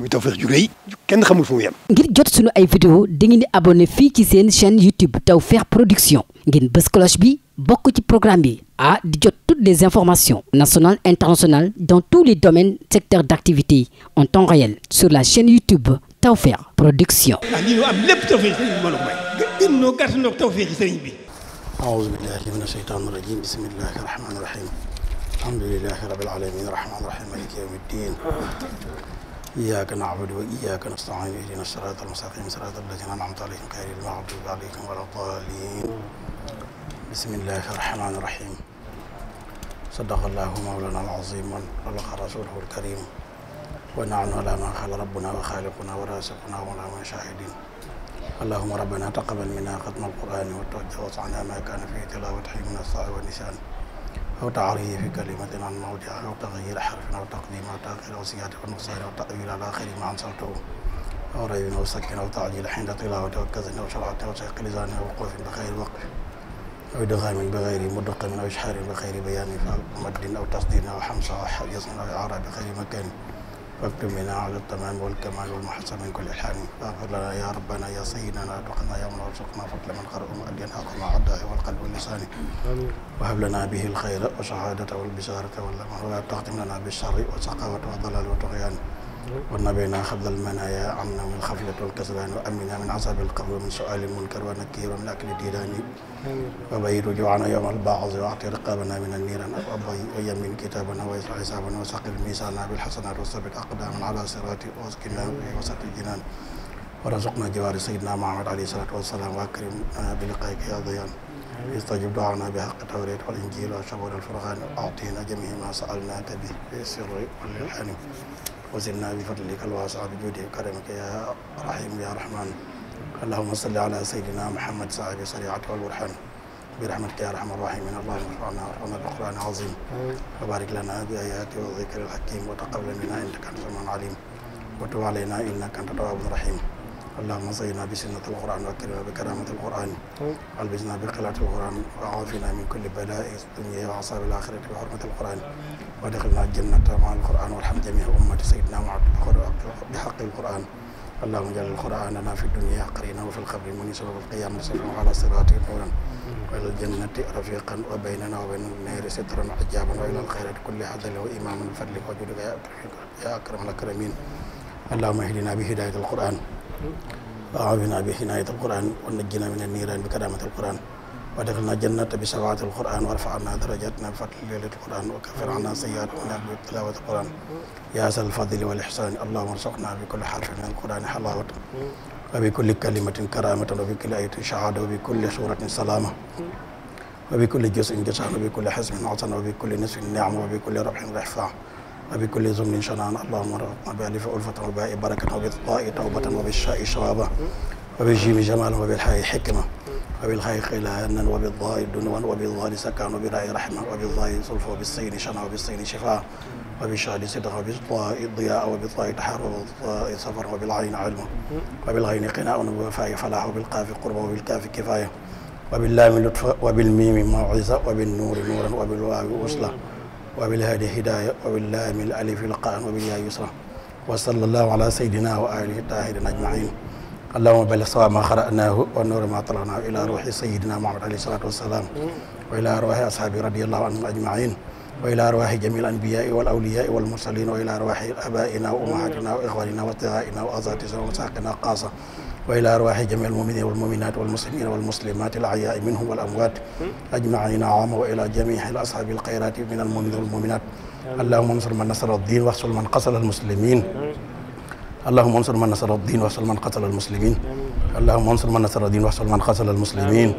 muy Tawfekh ju rëy xamul fu mu ngir jot sunu ay vidéo dangeen di abonné fii ci seen chaîne YouTube Tawfekh Production ngeen bës cloche bi bokk ci programme bi ah di jot toutes les informations nationales internationales dans tous les domaines secteurs d'activité en temps réel sur la chaine YouTube Tawfekh Production. ah lii ñu am lépp Tawfekh sëriñ bi mbooloo mooy. gën gën ñoo gàtt bi. إياك نعبد وإياك نستعين اهدنا الصراط المستقيم صراط الذين أنعمت عليهم غير المغضوب عليهم ولا الضالين بسم الله الرحمن الرحيم صدق الله مولانا العظيم وبلغ رسوله الكريم ونعم على ما قال ربنا وخالقنا ورازقنا ولا ما شاهدين اللهم ربنا تقبل منا ختم القرآن والتوجه وصعنا ما كان فيه تلاوته من الصلاة والنسيان أو تعريه في كلمة عن موضعها أو تغيير حرف أو تقديم أو تأخير أو زيادة أو نقصان أو تأويل على آخر ما أنزلته أو ريب أو سكن أو تعجيل حين تلاوة أو كزن أو شرعة أو شق لسان أو وقوف بغير وقف أو إدغام بغير مدق أو إشحار بغير بيان أو مد أو تصدير أو حمزة أو حيز أو إعارة بغير مكان واكتمنا على التمام والكمال والمحسن من كل الحال واغفر لنا يا ربنا يا سيدنا وتقنا يا من وفقنا فضل من قرأ مؤديا حق مع الداء والقلب واللسان وهب لنا به الخير والشهادة والبشارة والأمان ولا تختم لنا بالشر والسخاوة والضلال والطغيان والنبينا قبل المنايا عمنا من الخفلة والكسلان وأمنا من عذاب القبر ومن سؤال المنكر ونكير من أكل الديدان وبيد جوعنا يوم البعض وأعطي رقابنا من النيران وأبي ويمين كتابنا ويسرع حسابنا وسقل ميزاننا بالحسنات وثبت أقدامنا على صراط واسكنا في وسط الجنان ورزقنا جوار سيدنا محمد عليه الصلاة والسلام وأكرمنا بلقائك يا ضيان استجب دعانا بحق التوريد والإنجيل وشبور الفرقان أعطينا جميع ما سألناك به في السر والإلحان وزدنا بفضلك الواسع بجودك وكرمك يا رحيم يا رحمن اللهم صل على سيدنا محمد صاحب الشريعة والبرهان برحمتك يا ارحم الراحمين اللهم ارحمنا وارحمنا بالقران العظيم وبارك لنا باياته والذكر الحكيم وتقبل منا انك انت السميع العليم وتب علينا انك انت التواب الرحيم اللهم زينا بسنة القرآن وكرمنا بكرامة القرآن ألبسنا بقلعة القرآن وعافنا من كل بلاء الدنيا وعصاب الآخرة بحرمة القرآن wa daxilnaa jannata ma alquran warham jamia ummati sayidna mahamad bi xaqi alquran allahuma jal alquran lana fi dunia qarina wa fi lxabri munisa wa fi lqiyam sirran ala sirati nuran wa ila aljannati rafiqan wa baynana wa bayna nnaari sitran wa ijaban wa ila alxayrati kulli hadali wa imaman fadlik wa judika ya akram alakaramin allahuma ihdina bi hidayat alquran wa awina bi hinayat alquran wa najjina min anniran bi karamat alquran wa dafalna jannata bi shafaatil qur'an wa rafa'na darajatina bi fadli lailatil qur'an wa kaffir anna sayyi'atina bi tilawatil qur'an ya zal fadli wal ihsan allahumma arzuqna bi kulli harfin min al-qur'ani halawatan wa bi kulli kalimatin karamatan wa bi kulli ayatin shahada wa bi kulli suratin salama wa bi kulli juz'in jasaan wa bi kulli hizbin hasan wa bi kulli nisfin ni'ma wa bi kulli rabhin rahfa wa bi kulli zumrin shanan allahumma arzuqna bi alifi ulfatan wa bi barakatan wa bi ta'i tawbatan wa bi sha'i shawaba wa bi jimi jamalan wa bi al-hayi hikma wabilxaayi xila nan wa bidayi dunwan wa bidali sakaan wa birayi rahma wa bidayi sulfa wa bisayni shana wa bisayni shifa wa bishadi sidan wa bitai diya wa bitai tahar wa bitai safar wa bilxayni ilma wa bilxayni qinaan wa biwafayi falah wa bilqaafi qurba wa bilkaafi kifaya wa billaami lutfa wa bilmiimi mawisa wa binnuuri nuuran wa bilwaawi usla wa bilhaadi hidaaya wa billaami alalifi liqaan wa bilyaayi yusra wa sallallahu ala sayyidina wa alihi taahirina ajmain allahuma bali sawa ma xara'naahu wa nuura ma tala'naahu ila ruuxi sayidina muhammad alayhi salaatu wasalaam wa ila arwaaxi ashaabi radiallahu anhum ajmain wa ila arwaaxi jamil anbiyai wal awliyai wal mursalin wa ila arwaaxi abaina wa umahatina wa ixwanina wa tiaina wa azatisina wa masaqina qaasa wa ila arwaaxi jamil almuminina walmuminat walmuslimina walmuslimat alahyai minhum wal amwat ajmaina ama wa ila jamihi al ashaabi alxayrati min almuminina walmuminat allahuma ansur man nasara addin waxsul man qasala almuslimin اللهم انصر من نصر الدين واحصل من قتل المسلمين اللهم انصر من نصر الدين واحصل من قتل المسلمين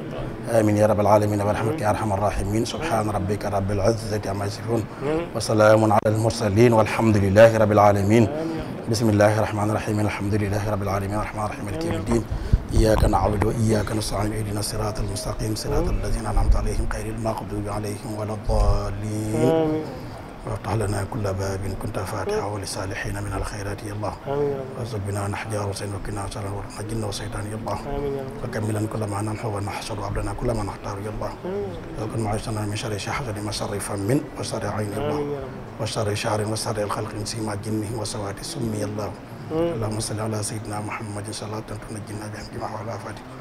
آمين يا رب العالمين برحمتك يا أرحم الراحمين سبحان ربك رب العزة عما يصفون وسلام على المرسلين والحمد لله رب العالمين بسم الله الرحمن الرحيم الحمد لله رب العالمين الرحمن الرحيم مالك يوم الدين إياك نعبد وإياك نستعين اهدنا الصراط المستقيم صراط الذين أنعمت عليهم غير المغضوب عليهم ولا الضالين وافتح لنا كل باب كنت فاتحه لصالحين من الخيرات يا الله وارزق بنا نحجار وسين وكنا شر ورحمة جن وشيطان يا الله وكملا كل ما نمحو ونحصر وعبدنا كل ما نختار يا الله وكن معيشنا من شر حسد ما شر فم وشر عين يا الله وشر شعر وشر الخلق سيما جنهم وسواد سمي الله اللهم صل على سيدنا محمد صلاة تنجينا بها كما وعلى فاتحه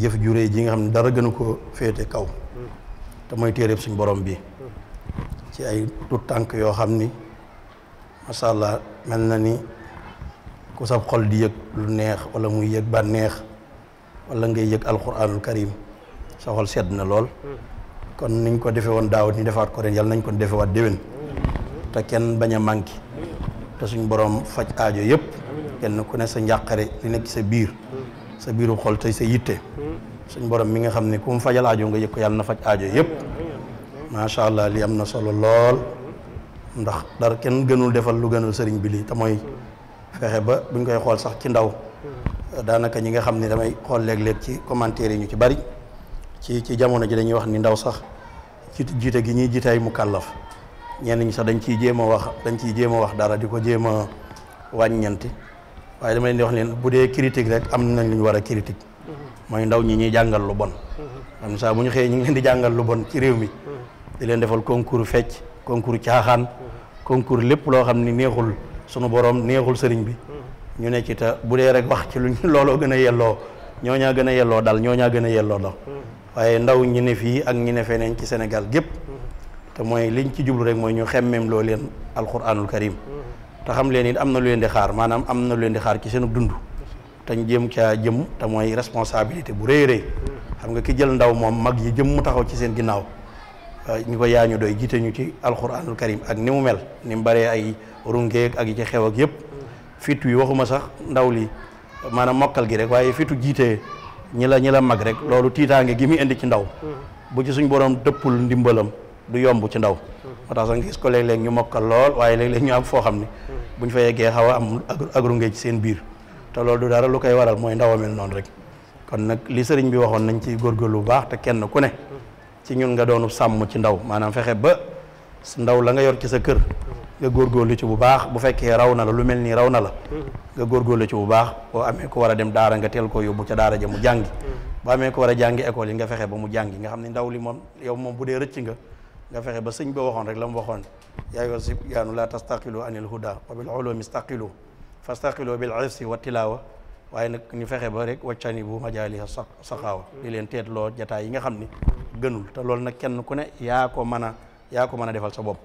jëf ju réy ji nga xam ne dara gënu ko féete kaw te mooy téeréb suñ borom bi ci ay tut tànk yoo xam ni masha Allah mel na ni ku sab xol di yëg lu neex wala muy yëg bànneex wala ngay yëg alquranul karim sa xol sedd na lool kon niñ ko defe woon daaw ñu defaat ko ren nañ ko defe waat déwén te kenn bañ a manqué te suñ borom faj aajo yëpp kenn ku ne sa njàqare li nekk sa biir sa biiru xol tey sa yitte suñ borom mi nga xam ne ku mu fajal aajo nga yëg ko yàlla na faj aajo yëpp macha allah lii am na solo lool ndax dara kenn gënul defal lu gënal sëriñ bi lii te mooy fexe ba buñ koy xool sax ci ndaw daanaka ñi nga xam ne damay xool leeg léeg ci commentaire yi ñu ci bari ci ci jamono ji dañuy wax ni ndaw sax ci jiite gi ñuy jiitaay mu kàllaf ñenn sax dañ ciy jéem a wax dañ ciy jéem a wax dara di ko jéem a ñeenti waaye dama leen di wax neen bu dee critique rek am nañ lu ñu war a critique mooy ndaw ñi ñuy jàngal lu bon mm-hmm. am saa bu ñu xëyee ñu leen di jàngal lu bon ci réew mi mm-hmm. di leen defal concours fecc concours caaxaan mm-hmm. concours lépp loo xam ni neexul sunu borom neexul sëriñ bi ñu ne ci ta bu dee rek wax ci luñ looloo gën a yelloo ñoo ñaa gën a yelloo dal ñoo ñaa gën a yelloo dal waaye ndaw ñi ne fii ak ñi ne feneen ci Sénégal gépp te mooy liñ ci jublu rek mooy ñu xemmeem loo leen alquranul karim te xam leen it am na lu leen di xaar maanaam am na lu leen di xaar ci tañ jéem caa te mooy responsabilité bu rëy rëy xam nga ki jël ndaw moom mag yi jëm mu taxaw ci seen ginnaaw euh, ñu ko yaa ñu doy jiite ñu ci alxuraanul karim ak ni mu mel ni mu baree ay rungeeg ak yi ci xew ak yëpp fit wi waxuma sax ndaw li maanaam mokkal gi rek waaye fitu jiite ñi la ñi la mag rek loolu tiitaange gi muy indi ci ndaw bu ci suñ borom dëppul ndimbalam du yomb ci ndaw moo sax nga gis ko léeg-léeg ñu mokkal lool waaye léeg-léeg ñu am foo xam ne buñ ci seen biir te loolu du dara lu koy waral mooy ndawa a mel noonu rek kon nag li sëriñ bi waxoon nañ ci góorgóorlu bu baax te kenn ku ne ci ñun nga doonu sàmm ci ndaw maanaam fexe ba ndaw la nga yor ci sa kër nga góorgóorlu ci bu baax bu fekkee raw na la lu mel nii raw na la nga góorgóorlu ci bu baax boo amee ko wara dem daara nga teel ko yóbbu ca daara ja mu jàngi bu amee ko war a jàngi école yi nga fexe ba mu jàngi nga xam ne ndaw li moom yow moom bu dee rëcc nga nga fexe ba sëñ ba waxoon rek la mu waxoon yaa yor si yaanu la tastaqilu anil huda wa bil ulumi staqilu fastaqilo bil ifsi wa tilaawa waaye nag ñu fexe ba rek waccani bu majaaliha sa saxaawa di leen teet loo jataay yi nga xam ni gënul te loolu nag kenn ku ne yaa ko mën a yaa ko mën a defal sa bopp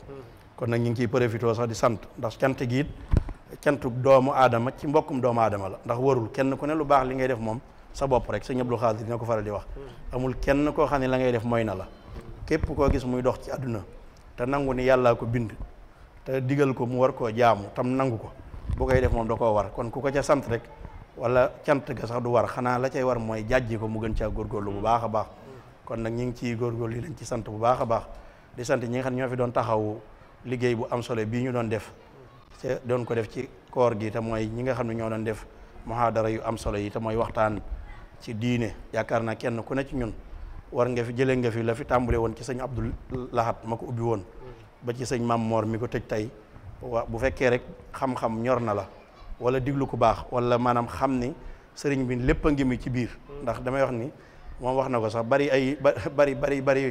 kon nag ñu ngi ciy profité sax di sant ndax cant gi it doomu aadama ci mbokkum doomu aadama la ndax warul kenn ku ne lu baax li ngay def moom sa bopp rek sëñ Abdou Xaadir dina ko faral di wax amul kenn koo xam ne la ngay def mooy na la képp koo gis muy dox ci àdduna te nangu ni yàllaa ko bind te digal ko mu war koo jaamu tam nangu ko bu koy def moom da koo war kon ku ko ca sant rek wala cant ga sax du war xanaa la cay war mooy jàjji ko mu gën góor góorgóorlu bu baax a baax kon nag ñu ngi ciy góorgóorlu leen ci sant bu baax a baax di sant ñi nga xam ne ñoo fi doon taxaw liggéey bu am solo bii ñu doon def te doon ko def ci koor gi te mooy ñi nga xam ne ñoo doon def muhaadara yu am solo yi te mooy waxtaan ci diine yaakaar naa kenn ku ne ci ñun war nga fi jëlee nga fi la fi tàmbale woon ci sëñ Abdul Lahat ma ko ubbi woon ba ci sëñ Mam Moor mi ko tëj tey waa bu fekkee rek xam-xam ñor na la wala diglu ku baax wala maanaam xam ni sëriñ bi lépp ngi mi ci biir ndax damay wax ni moom wax na ko sax bari ay bari bari bari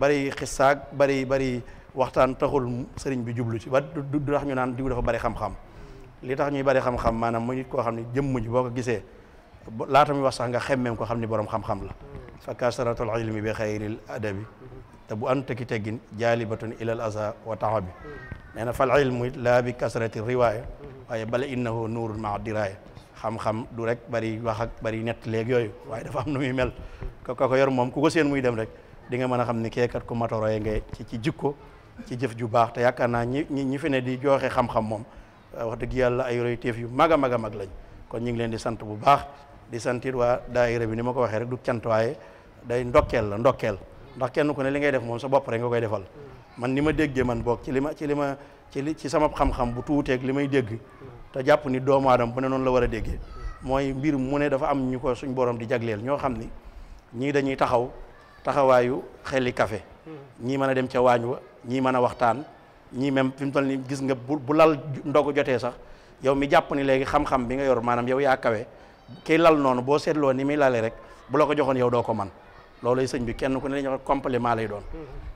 bari xisaag bari bari waxtaan taxul sëriñ bi jublu ci ba du tax ñu naan diw dafa bari xam-xam li tax ñuy bari xam-xam maanaam mu nit koo xam ne jëmm ji boo ko gisee laata muy wax sax nga xemmeem ko xam ni borom xam-xam la fa kasaratul ilmi bi xayril adabi te bu ànd teki teggin jaalibatun ilal asa wa taxa bi nee na fal ilmu laa bi kasrati riwaaya waaye bala innahu nuurun maa diraaya xam-xam du rek bari wax ak bari nett léeg yooyu waaye dafa am nu muy mel ko ko yor moom ku ko seen muy dem rek di nga mën a xam ni keekat ku matoroye nga ci ci jikko ci jëf ju baax te yaakaar naa ñi ñi fi ne di joxe xam-xam moom euh, wax dëgg yàlla ay roy teef yu mag a mag a mag lañ kon ñu ngi leen di sant bu baax di santit waa daa daayira bi ni ma ko waxee rek du cant waaye day ndokkeel la ndokkeel ndax kenn ku ne li ngay def moom sa bopp rek nga koy defal man ni ma déggee man boog ci li ma ci li ma ci li ci sama xam-xam bu tuuteeg li may dégg te jàpp ni doomu aadama bu ne noonu la war a déggee mooy mbir mu ne dafa am ñu ko suñ borom di jagleel ñoo xam ni ñii dañuy taxaw taxawaayu xeli kafe ñii mën a dem ca waañ wa ñii mën a waxtaan ñii même fi mu toll ni gis nga bu bu lal ndogu jotee sax yow mi jàpp ni léegi xam-xam bi nga yor maanaam yow yaa kawe kiy lal noonu boo seetloo ni muy lale rek bu la ko joxoon yow doo ko man loolay sëñ bi kenn ku ne dañu complément lay doon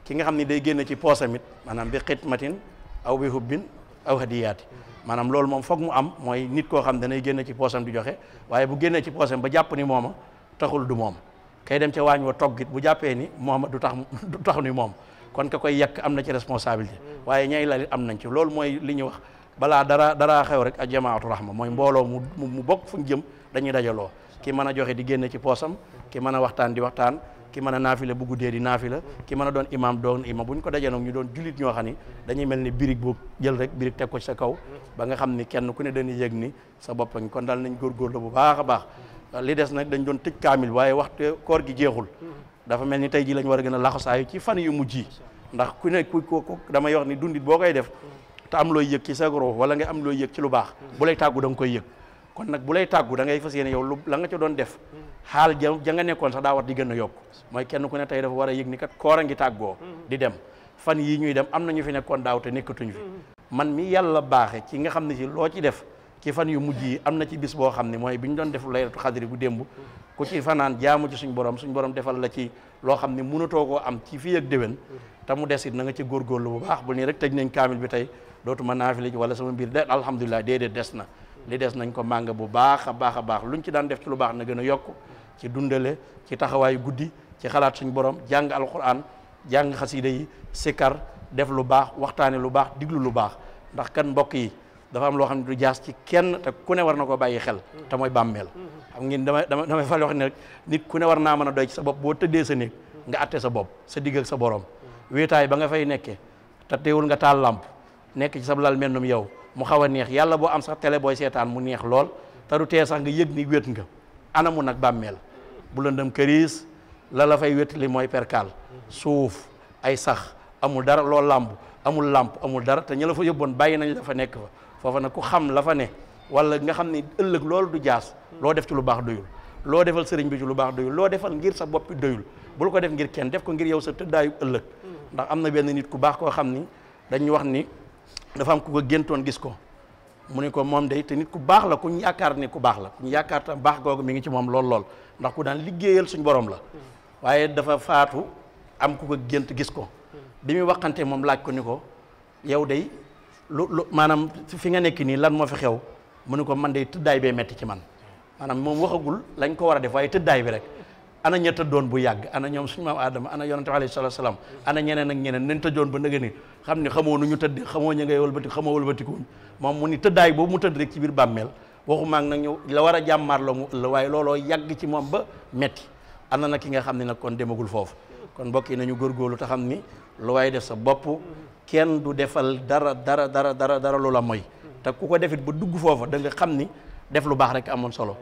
ki nga xam ni day génne ci poosam it maanaam bi xitmatin aw bi hubbin aw hadiyaati maanaam loolu moom foog mu am mooy nit koo xam danay génn ci poosam di joxe waaye bu génnee ci poosam ba jàpp ni mooma taxul du moom kay dem ca waañ wa toggit bu jàppee ni mooma du tax du tax ni moom kon ka koy yekk am na ci responsabilité waaye ñay lalit am nañ ci loolu mooy li ñuy wax balaa dara dara xew rek ak jamaatu rahma mooy mbooloo mu mu bokk fu ñu jëm dañuy dajaloo ki mën a joxe di génne ci poosam ki mën a waxtaan di waxtaan ki mën a naafila bu guddee di naafila ki mën a doon imaam doon imaam bu ñu ko dajee nag ñu doon julit ñoo xam ni dañuy mel ni birig boo jël rek birig ko ci sa ba xam ni kenn ku ne dañuy yëg ni sa boppañ kon daal nañ góorgóorlu bu baax a baax li des nag dañ doon tëj kaamil waaye waxtu koor gi jeexul dafa mel ni tey ji lañ war a gën a laxasaayu ci fan yu mu yi ndax ku ne ku ko damay wax ni dundit boo koy def te am looy yëg ci sa ruux wala nga am looy yëg ci lu baax bu lay tàggu da nga koy yëg kon nag bu lay tàggu da ngay fas yéene yow lu la nga ca doon def xaal ja ja nga nekkoon sax daa war di gën a yokk mooy kenn ku ne tey dafa war a yëg ni kat koor a ngi tàggoo di dem fan yii ñuy dem am na ñu fi nekkoon daaw te nekkatuñ fi man mi yàlla baaxe ci nga xam ne si loo ci def ci fan yu mujj yi am na ci bis boo xam ne mooy bi ñu doon def laylatu xadri bu démb ku ci fanaan jaamu ci suñ borom suñ borom defal la ci loo xam ne mënatoo koo am ci fi ak déwén te mu des it ci góorgóorlu bu baax nii rek tëj nañ kaamil bi tey dootuma naafila ci wala sama mbir de alhamdulilah déedéet des na li des nañ ko màng bu baax a baax a baax luñ ci daan def ci lu baax na gën a yokk ci dundale ci taxawaayu guddi ci xalaat suñ borom jàng alquran jàng xasida yi sikar def lu baax waxtaane lu baax diglu lu baax ndax kan mbokk yi dafa am loo xam ne du jaas ci kenn te ku ne war na ko bàyyi xel te mooy bàmmeel xam ngeen damay damay damay fal wax ne rek nit ku ne war naa mën a doy ci sa bopp boo tëddee sa néeg nga atte sa bopp sa digg ak sa borom wéetaay ba nga fay nekkee te teewul nga taal làmp nekk ci sa lal yow mu xaw a neex yàlla boo am sax télé booy seetaan mu neex lool te du tee sax nga yëg ni wét nga anamu nag bàmmeel bu la lëndëm këriis la la fay wét li mooy perkaal suuf ay sax amul dara loo làmb amul làmp amul dara te ña la fa yóbboon bàyyi nañ la fa nekk fa foofa nag ku xam la fa ne wala nga xam ne ëllëg lool du jaas loo def ci lu baax doyul loo defal sëriñ bi ci lu baax doyul loo defal ngir sa boppi doyul bul ko def ngir kenn def ko ngir yow sa tëddaayu ëllëg ndax am na benn nit ku baax koo xam ni dañuy wax ni dafa am ku ko géntoon gis ko mu ne ko moom day te nit ku baax la ku ñu yaakaar ni ku baax la ku ñu yaakaar tam baax googu mi ngi ci moom lool lool ndax ku daan liggéeyal suñu borom la waaye dafa faatu am ku ko gént gis ko bi muy waxante moom laaj ko ni ko yow day lu lu maanaam fi nga nekk nii lan moo fi xew mu ne ko man day tëddaay bee metti ci man maanaam moom waxagul lañ ko war a def waaye tëddaay bi rek ana ña tëddoon bu yàgg ana ñoom suñu maam Adama ana yonante bi alayhi salaatu salaam ana ñeneen ak ñeneen nañ tëddoon ba nëgë ni xam ne xamoo nu ñu tëdd xamoo ña ngay walbati xamoo walbatikuñ moom mu ni tëddaay boobu mu tëdd rek ci biir bàmmeel waxu nag ñu la war a jàmmaar la mu la waaye looloo yàgg ci moom ba metti ana na ki nga xam ne nag kon demagul foofu kon mbokk yi nañu góorgóorlu te xam ni lu waaye def sa bopp kenn du defal dara dara dara dara dara lu mooy te ku ko dugg foofa da xam ni def lu baax rek amoon solo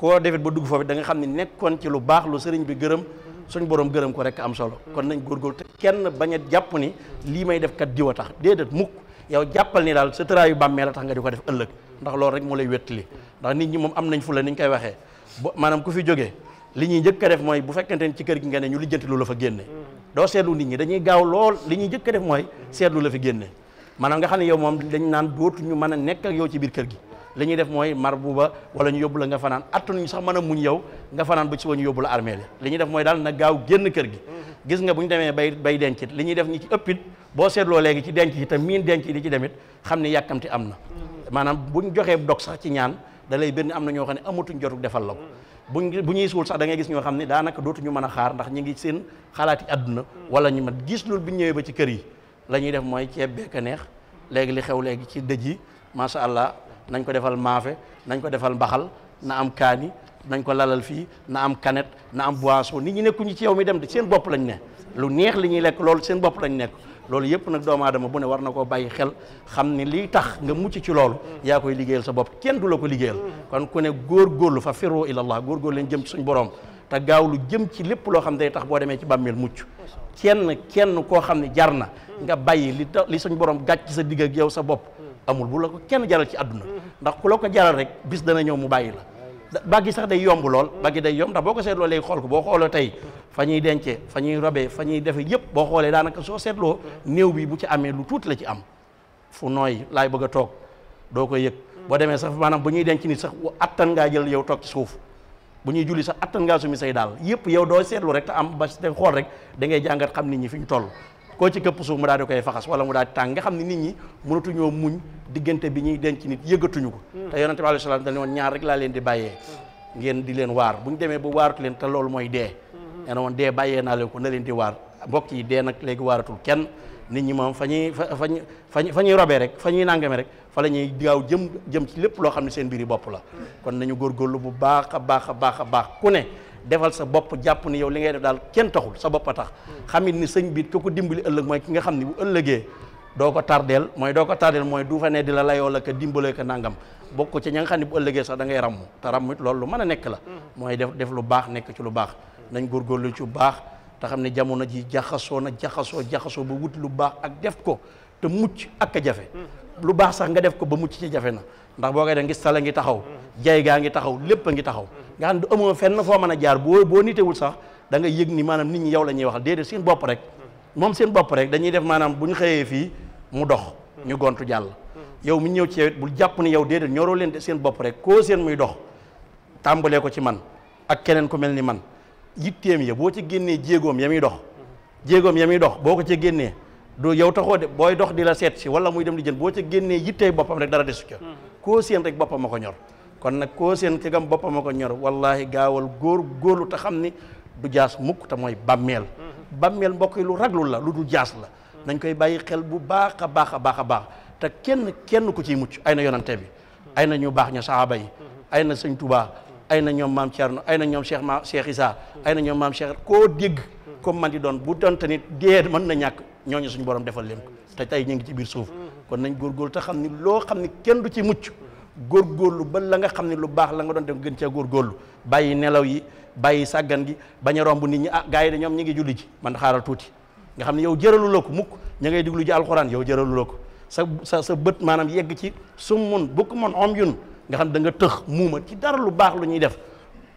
koo defit ba dugg foofu danga xam ni nekkoon ci lu baax lu sëriñ bi gërëm suñ borom gërëm ko rekk am solo kon nañ góorgóorlu te kenn bañ a jàpp ni lii may def kat a tax déedéet mukk yow jàppal ni daal sa tëraayu bàmmee la tax nga di ko def ëllëg ndax loolu rek moo lay wettali ndax nit ñi moom am nañ fu la ni ñu koy waxee bo maanaam ku fi jógee li ñuy njëkk def mooy bu fekkente ni ci kër gi nga ne ñu lijjanti lu la fa génne doo seetlu nit ñi dañuy gaaw lool li ñuy njëkk def mooy seetlu la fi génne maanaam nga xam ne yow moom dañ naan dootuñu mën a nekk ak yow ci biir kër gi li ñuy def mooy mar buuba wala ñu yóbbu la nga fanaan attunuñu sax mën a muñ yow nga fanaan ba ci suba ñu yóbbu la armée li ñuy def mooy daal na gaaw génn kër gi gis nga bu ñu demee ba bay denc it li ñuy def ñi ci ëppit boo seetloo léegi ci denc yi te miin denc yi di ci demit xam ni yàkkamti am na maanaam bu ñu joxee dog sax ci ñaan dalay lay benn am na ñoo xam ne amatuñ jotuk defal la ko buñ bu ñuy suul sax da ngay gis ñoo xam ne daanaka dootuñu mën a xaar ndax ñu ngi seen xalaati àdduna wala ñu mat gis loolu bi ñu ñëwee ba ci kër yi la ñuy def mooy ceeb beeka neex léegi li xew léegi ci dëj yi macha allah nañ ko defal maafe nañ ko defal mbaxal na am kaani nañ ko lalal fii na am kanet na am boisson nit ñi nekkuñu ci yow mi dem de seen bopp lañ ne lu neex li ñuy lekk loolu seen bopp lañ nekk loolu yëpp nag doomu aadama bu ne war na koo bàyyi xel xam ni lii tax nga mucc ci loolu yaa koy liggéeyal sa bopp kenn du la ko liggéeyal kon ku ne lu fa firoo ilallah góorgóorlu leen jëm ci suñ borom te gaaw lu jëm ci lépp loo xam ne day tax boo demee ci bàmmeel mucc kenn kenn koo xam ne jar na nga bàyyi li li suñ borom gàcc sa digg yow sa bopp amul bu la ko kenn jaral ci àdduna ndax ku la ko jaral rek bis dana ñëw mu bàyyi la baggi sax day yomb lool baggi day yomb ndax boo ko seetloo léegi xool ko boo xooloo tey fa ñuy dencee fa ñuy robee fa ñuy defe yëpp boo xoolee daanaka soo seetloo néew bi bu ci amee lu tuuti la ci am fu nooy laay bëgg a toog doo ko yëg boo demee sax maanaam bu ñuy denc ni sax attan ngaa jël yow toog ci suuf bu ñuy julli sax attan ngaa sumi say daal yëpp yow doo seetlu rek te am ba te xool rek da ngay jàngat xam nit ñi fi ñu toll koo ci këpp suuf mu daal di koy faxas wala mu daal di nga xam ne nit ñi mënatuñoo muñ diggante bi ñuy denc nit yëggatuñu ko mm. te yonente bi alayhi salaam dañu woon ñaar rek laa leen di bàyyee mm. ngeen di leen waar bu ñu demee bu waaratu leen te loolu mooy dee mm-hmm. nee na woon dee bàyyee naa leen ko na leen di waar mbokk yi dee nag léegi waaratul kenn nit ñi moom fa ñuy fa fañ fa ñuy robee rek fa ñuy nàngame rek fa la ñuy gaaw jëm jëm ci lépp loo xam ne seen mbiri bopp la mm. kon nañu góorgóorlu bu baax a baax a a baax ku ne defal sa bopp jàpp ni yow li ngay def daal kenn taxul sa bopp a tax xamit ni sëñ bi ko ko dimbali ëllëg mooy ki nga xam ni bu ëllëgee doo ko tardeel mooy doo ko tardeel mooy du di la layoo la ka dimbalee ko nangam bokk ci ña nga xam ne bu ëllëgee sax da ngay ràmm te ràmm it loolu lu mën a nekk la mooy def def lu baax nekk ci lu baax nañ góorgóorlu ci lu baax te xam ne jamono ji jaxasoo na jaxasoo jaxasoo ba wut lu baax ak def ko te mucc ak jafe lu baax sax nga def ko ba mucc ci jafe na ndax boo koy def ngi sala ngi taxaw jay gaa ngi taxaw lépp a ngi taxaw nga xam ne amoo fenn foo man a jaar boo boo nit nitewul sax da nga yëg ni maanaam nit ñi yow la ñuy waxal déedéet seen bopp rek moom seen bopp rek dañuy def maanaam bu ñu xëyee fii mu dox ñu gontu jàll yow mu ñëw ci yow bul jàpp ni yow déedéet ñoroo leen de seen bopp rek koo seen muy dox tàmbalee ko ci man ak keneen ku mel ni man yitteem ya boo ci génnee jéegoom ya muy dox jéegoom ya muy dox boo ko ci génnee du yow taxoo de booy dox di la seet si wala muy dem di jën boo ca génnee yittee boppam rek dara desu ca koo hmm. seen rek boppam a ko ñor kon nag koo seen ci boppam a ko ñor wallahi gaawal góor góorlu te xam ni du jaas mukk te mooy bàmmeel hmm. bàmmeel mbokk yi lu raglul la lu du jaas la hmm. nañ koy bàyyi xel bu baax a baax a baax a baax te kenn kenn ku ciy mucc ay na yonante bi ay na ñu baax ña sahaaba yi ay na sëñ Tuubaa ay na ñoom maam Thierno ay na ñoom Cheikh ñooñu suñu borom defal leen te tey ñu ngi ci biir suuf kon nañ góorgóorlu te xam ni loo xam ni kenn du ci mucc góor góor lu ba la nga xam ne lu baax la nga doon dem gën cee góorgóorlu bàyyi nelaw yi bàyyi sàggan gi bañ a romb nit ñi ah gars yi de ñoom ngi julli ji man xaaral tuuti nga xam ne yow jëralu ko mukk ña ngay diglu ji alxuraan yow jëralu ko sa sa sa bët maanaam yegg ci summun om yun nga xam da nga tëx muuma ci dara lu baax lu ñuy def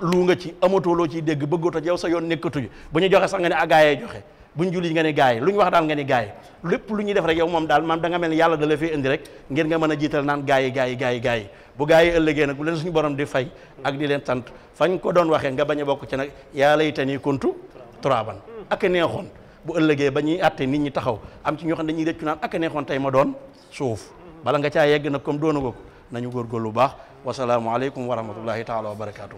lu nga ci amatoo loo ciy dégg bëggoo ta sa yoon nekkatu ji bu ñu joxe sax nga ne ah gars joxe buñ julli nga ne gaay lu ñu wax daal nga ne gaay lépp lu ñuy def rek yow moom daal maam da nga mel ni yàlla da la fee indi ngir nga mën a jiital naan gaay gaay gaay gaay bu gaay ëllëgee nag bu leen suñu borom di fay ak di leen sant fañ ko doon waxee nga bañ a bokk ci nag yaa lay tani kuntu turaban ak neexoon bu ëllëgee ba ñuy àtte nit ñi taxaw am ci ñoo xam ne dañuy rëccu naan ak neexoon tey ma doon suuf bala nga caa yegg nag comme doona ko nañu góorgóorlu bu baax wasalaamualeykum wa rahmatullahi taala wa barakaatu